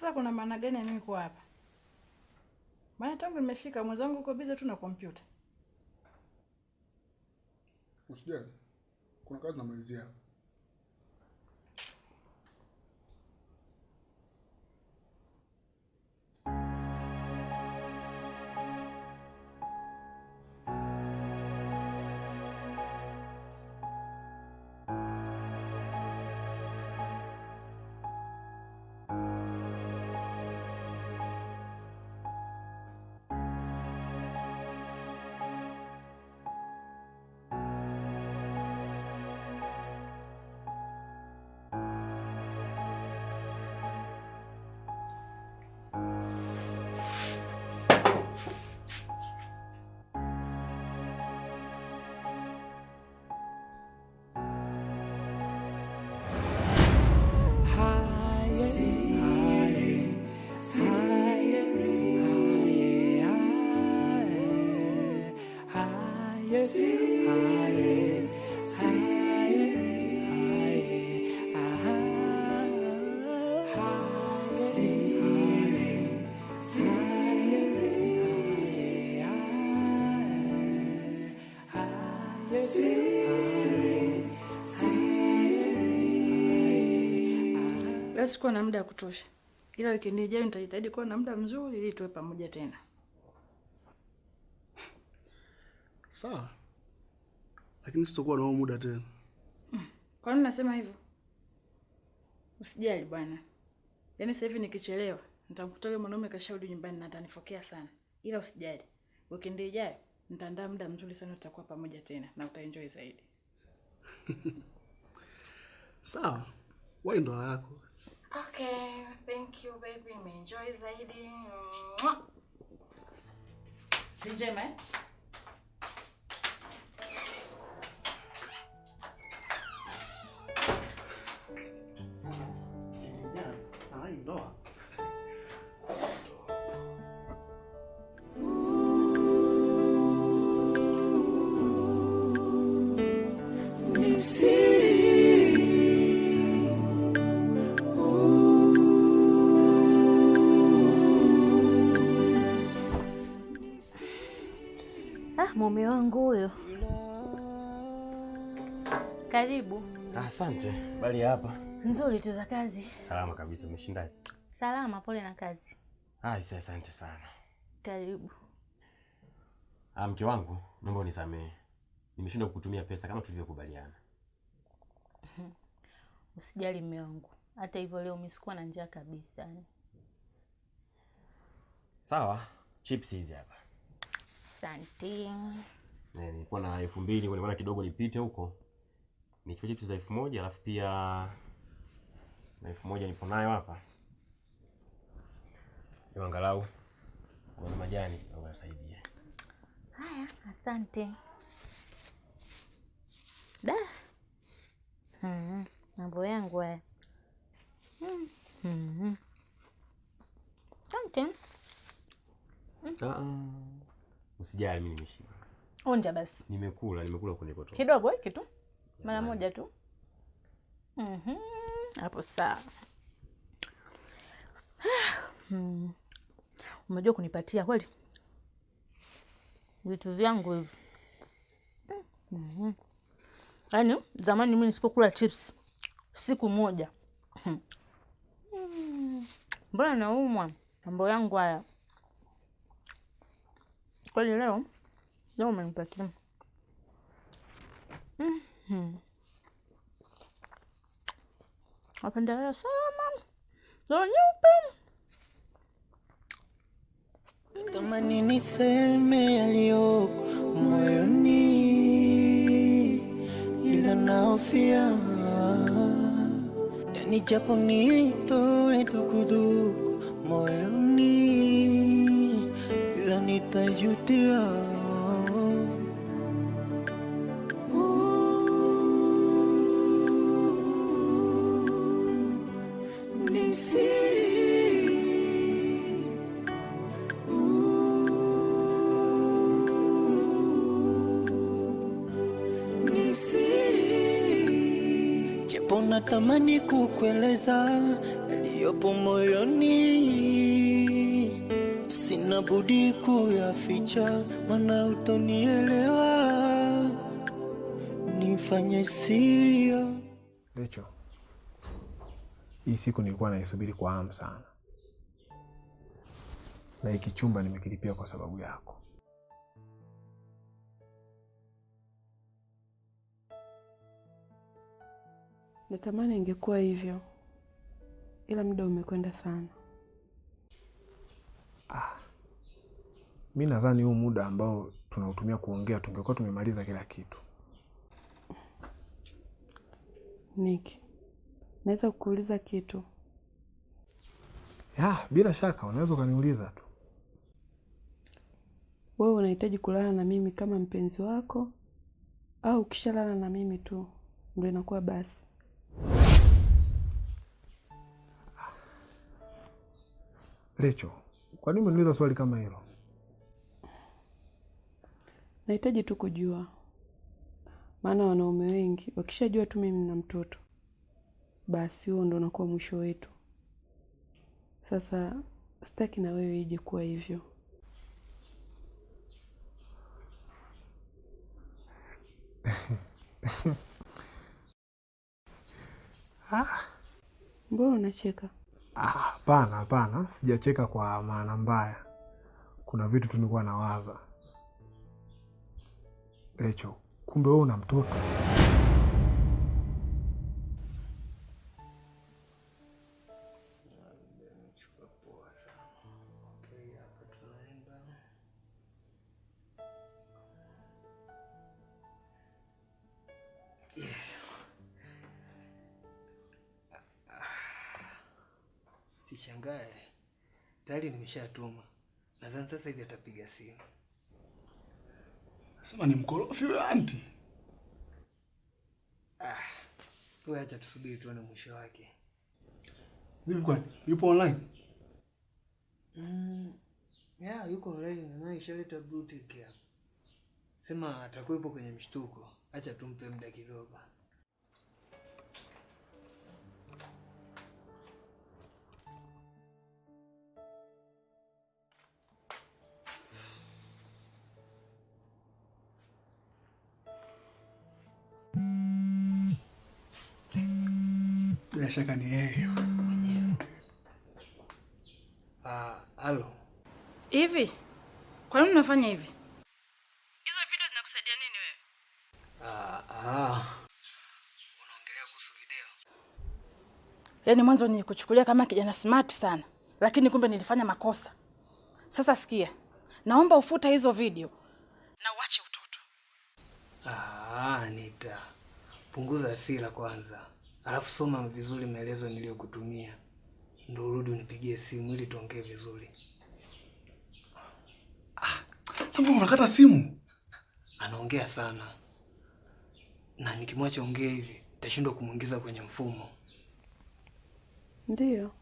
Sasa kuna maana gani ya mimi kuwa hapa? Maana tangu nimefika mwezi wangu uko bize tu na kompyuta. Usijali, kuna kazi namalizia hapa. kuwa na muda ya kutosha, ila wikendi ijayo nitajitahidi kuwa na muda mzuri ili tuwe pamoja tena. Sawa, lakini sitokuwa nao muda tena. Kwa nini nasema hivyo? Usijali bwana, yaani sasa hivi nikichelewa nitamkuta yule mwanaume kasharudi nyumbani na atanifokea sana, ila usijali, wikendi ijayo nitaandaa muda mzuri sana, tutakuwa pamoja tena na utaenjoy zaidi. Sawa, wewe ndo yako. Okay, thank you baby, nimeenjoy zaidi. njema eh? mume wangu huyo. Karibu. Ah, asante. Bali hapa nzuri tu za kazi? Salama kabisa. Umeshindaje? Salama, pole na kazi. Aise, ah, asante sana. Karibu. Ah, mke wangu, naomba unisamehe, nimeshindwa kukutumia pesa kama tulivyokubaliana. Mhm. Usijali mume wangu, hata hivyo leo misikuwa na njaa kabisa. Sawa, chips hizi hapa Asante. Eh, nilikuwa na elfu mbili kwa maana kidogo nipite huko nichukue chipsi za elfu moja alafu pia na elfu moja nipo nayo hapa Ni angalau kwa majani au nasaidia. Haya, asante da. Hmm, mambo yangu haya. Hmm. Hmm. hmm. Asante. Hmm. Usijali, mimi nimeshiba. Onja basi. Nimekula, nimekula kwenye kunikotoka. Kidogo hiki tu. Mara moja tu. Mhm. Hapo sawa. Hmm. Umejua kunipatia kweli vitu vyangu hivi. Mm -hmm. zamani mimi nisipokula chips siku moja. Hmm. Hmm. Mbona naumwa mambo yangu haya? Kweli leo leo umenipatia mm -hmm. Napendelea sana leo nyeupe. Natamani niseme yaliyoko moyoni, ila naofia dani, japo nitoe dukuduku moyoni utajutia. Japo natamani kukueleza yaliyopo moyoni budi kuyaficha, mana utonielewa, nifanye siria. Lecho, hii siku nilikuwa naisubiri kwa hamu sana, na hiki chumba nimekilipia kwa sababu yako. Natamani ingekuwa hivyo, ila muda umekwenda sana. Ah mi nadhani huu muda ambao tunautumia kuongea tungekuwa tumemaliza kila kitu. Niki, naweza kukuuliza kitu? Ya, bila shaka unaweza ukaniuliza tu. Wewe unahitaji kulala na mimi kama mpenzi wako au ukishalala na mimi tu ndio inakuwa basi? Ah. Lecho, kwa nini umeniuliza swali kama hilo? nahitaji tu kujua, maana wanaume wengi wakishajua tu mimi na mtoto, basi huo ndo unakuwa mwisho wetu. Sasa sitaki na wewe ije kuwa hivyo. Ah. Mbona unacheka? Ah, hapana, ah, hapana, sijacheka kwa maana mbaya. Kuna vitu tu nilikuwa nawaza Lecho, kumbe wewe una mtoto. Sishangae, tayari nimeshatuma. Nadhani sasa hivi atapiga simu. Sema ni mkorofi wewe anti. Ah. Wewe acha tusubiri tuone mwisho wake. Vipi kwani? Yupo online? Mm. Yeah, yuko online na naye ishaleta blue tick Sema atakuwepo kwenye mshtuko. Acha tumpe muda kidogo. shaka ni yeye mwenyewe. Ah, alo. Hivi kwa nini unafanya hivi? Hizo video zinakusaidia nini wewe? Ah, ah. Unaongelea kuhusu video? Yaani mwanzo nilikuchukulia kama kijana smart sana, lakini kumbe nilifanya makosa. Sasa sikia, naomba ufuta hizo video na uache utoto. Ah, Anita, punguza hasira kwanza alafu soma vizuri maelezo niliyokutumia, ndio urudi unipigie simu ili tuongee vizuri. Ah, sasa unakata simu? Anaongea sana na nikimwacha ongea hivi tashindwa kumwingiza kwenye mfumo. Ndiyo,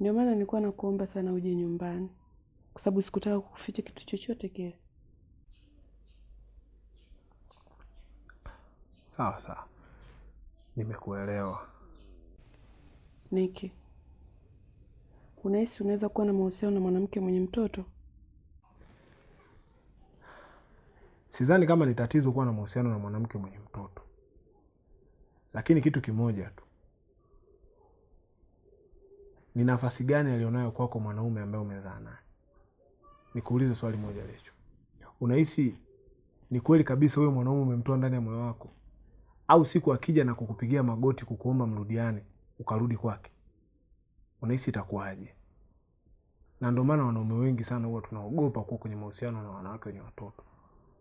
ndio maana nilikuwa nakuomba sana uje nyumbani, kwa sababu sikutaka kukuficha kitu chochote kile. Sawa sawa. Nimekuelewa Niki. Unahisi unaweza kuwa na mahusiano na mwanamke mwenye mtoto? Sidhani kama ni tatizo kuwa na mahusiano na mwanamke mwenye mtoto, lakini kitu kimoja tu, ni nafasi gani alionayo kwako mwanaume ambaye umezaa naye? Nikuulize swali moja lecho, unahisi ni kweli kabisa huyo mwanaume umemtoa ndani ya moyo wako au siku akija na kukupigia magoti kukuomba mrudiane, ukarudi kwake, unahisi itakuwaje? Na ndio maana wanaume wengi sana huwa tunaogopa kuwa kwenye mahusiano na wanawake wenye watoto,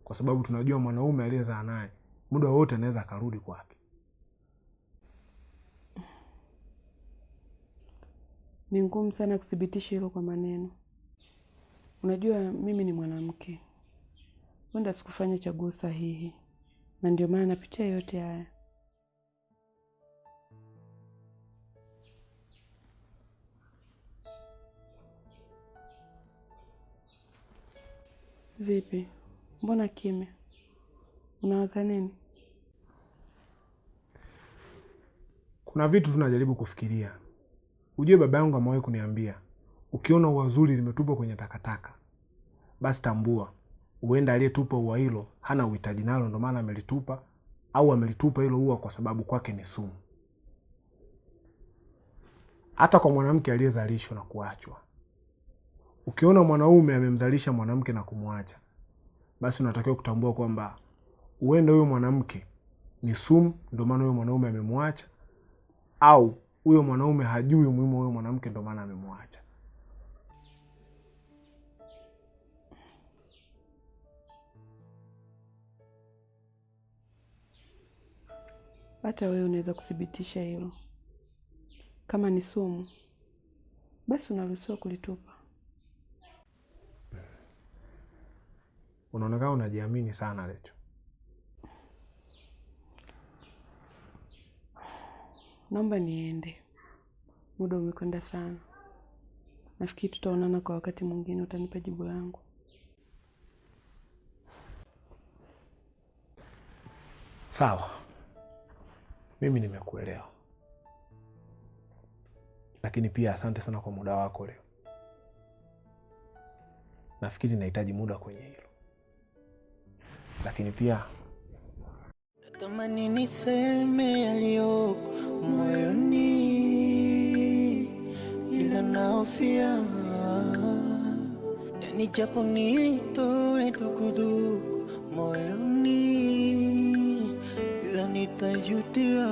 kwa sababu tunajua mwanaume aliyezaa naye muda wowote anaweza akarudi kwake. Ni ngumu sana kuthibitisha hilo kwa maneno. Unajua, mimi ni mwanamke, wenda sikufanya chaguo sahihi na ndio maana napitia yote haya. Vipi, mbona kimya? Unawaza nini? Kuna vitu tunajaribu kufikiria. Ujue baba yangu amewahi kuniambia ukiona uwazuri limetupwa kwenye takataka, basi tambua huenda aliyetupa ua hilo hana uhitaji nalo, ndo maana amelitupa, au amelitupa hilo ua kwa sababu kwake ni sumu. Hata kwa mwanamke aliyezalishwa na kuachwa, ukiona mwanaume amemzalisha mwanamke na kumwacha, basi unatakiwa kutambua kwamba huenda huyo mwanamke ni sumu, ndo maana huyo mwanaume amemwacha, au huyo mwanaume hajui umuhimu wa huyo mwanamke, ndo maana amemwacha. Hata wewe unaweza kuthibitisha hilo. Kama ni sumu, basi unaruhusiwa kulitupa. Unaonekana unajiamini sana lecho Naomba niende, muda umekwenda sana. Nafikiri tutaonana kwa wakati mwingine, utanipa jibu langu. Sawa. Mimi nimekuelewa, lakini pia asante sana kwa muda wako leo. Nafikiri nahitaji muda kwenye hilo, lakini pia natamani niseme yaliyoko moyoni, ila naofia yani, japo nitoe dukuduku moyoni nitajutia.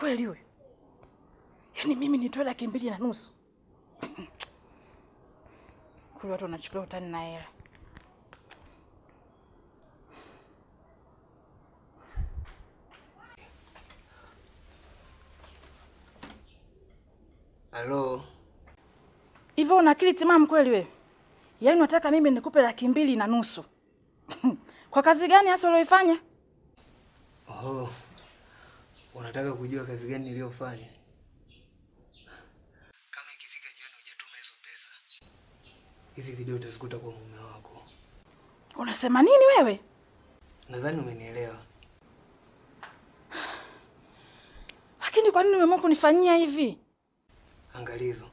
kweli Yaani mimi nitoe laki mbili na nusu? Kule watu wanachukua utani na hela. Halo. Hivyo una akili timamu kweli wewe? Yaani unataka mimi nikupe laki mbili na nusu kwa kazi gani hasa ulioifanya? Oh, unataka kujua kazi gani niliyofanya? Kama ikifika jioni hujatuma hizo pesa, hizi video utazikuta kwa mume wako. Unasema nini wewe? Nadhani umenielewa. Lakini kwa nini umeamua kunifanyia hivi? Angalizo,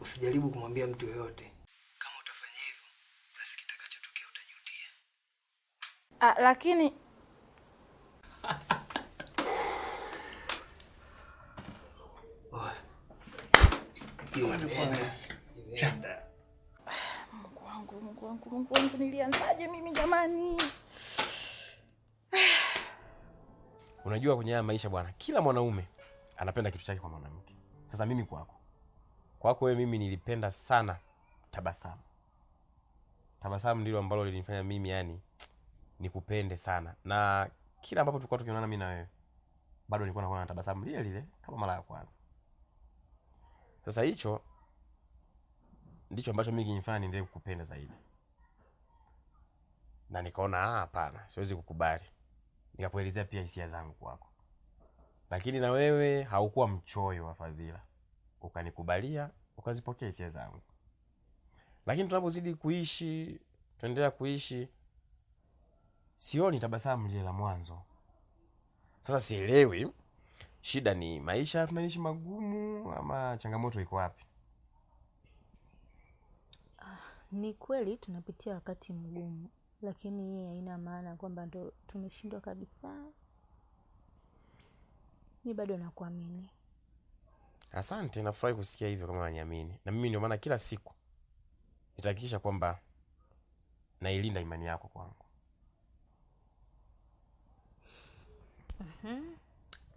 usijaribu kumwambia mtu yoyote. Kama utafanya hivyo, basi kitakachotokea utajutia. Ah, lakini oh. ah, Mungu wangu, Mungu wangu, Mungu wangu, nilianzaje mimi jamani? Unajua kwenye haya maisha bwana, kila mwanaume anapenda kitu chake kwa mwanamke. Sasa mimi kwako kwako wewe mimi nilipenda sana tabasamu tabasamu ndilo ambalo lilinifanya mimi yani nikupende sana na kila ambapo tulikuwa tukionana mi na wewe bado nilikuwa nakuwa na tabasamu lile lile kama mara ya kwanza sasa hicho ndicho ambacho mi kinifanya niendelee kukupenda zaidi na nikaona ah, hapana siwezi kukubali nikakuelezea pia hisia zangu kwako lakini na wewe haukuwa mchoyo wa fadhila ukanikubalia, ukazipokea hisia zangu. Lakini tunapozidi kuishi, tunaendelea kuishi, sioni tabasamu lile la mwanzo. Sasa sielewi shida ni maisha tunaishi magumu, ama changamoto iko wapi? Ah, ni kweli tunapitia wakati mgumu, lakini hii haina maana kwamba ndo tumeshindwa kabisa. Mi bado nakuamini. Asante, nafurahi kusikia hivyo kama wanyamini Na mimi ndio maana kila siku nitahakikisha kwamba nailinda imani yako kwangu. Mhm.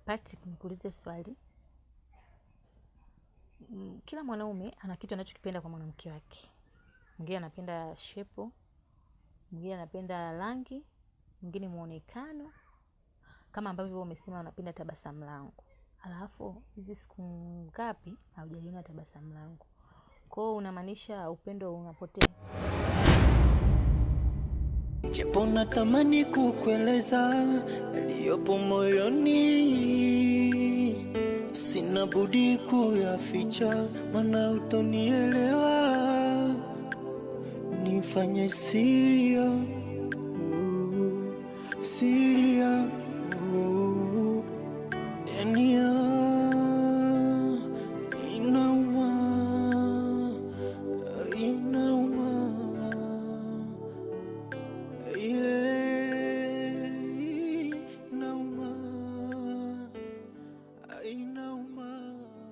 Patrick, nikuulize swali. Mm, kila mwanaume ana kitu anachokipenda kwa mwanamke wake. Mwingine anapenda shepo, mwingine anapenda rangi, mwingine muonekano, kama ambavyo umesema unapenda tabasamu langu alafu hizi siku ngapi haujaliona tabasamu langu? Kwao unamaanisha upendo unapotea. Japo natamani kukueleza yaliyopo moyoni, sina budi kuyaficha, maana utonielewa, nifanye siria, uh, siria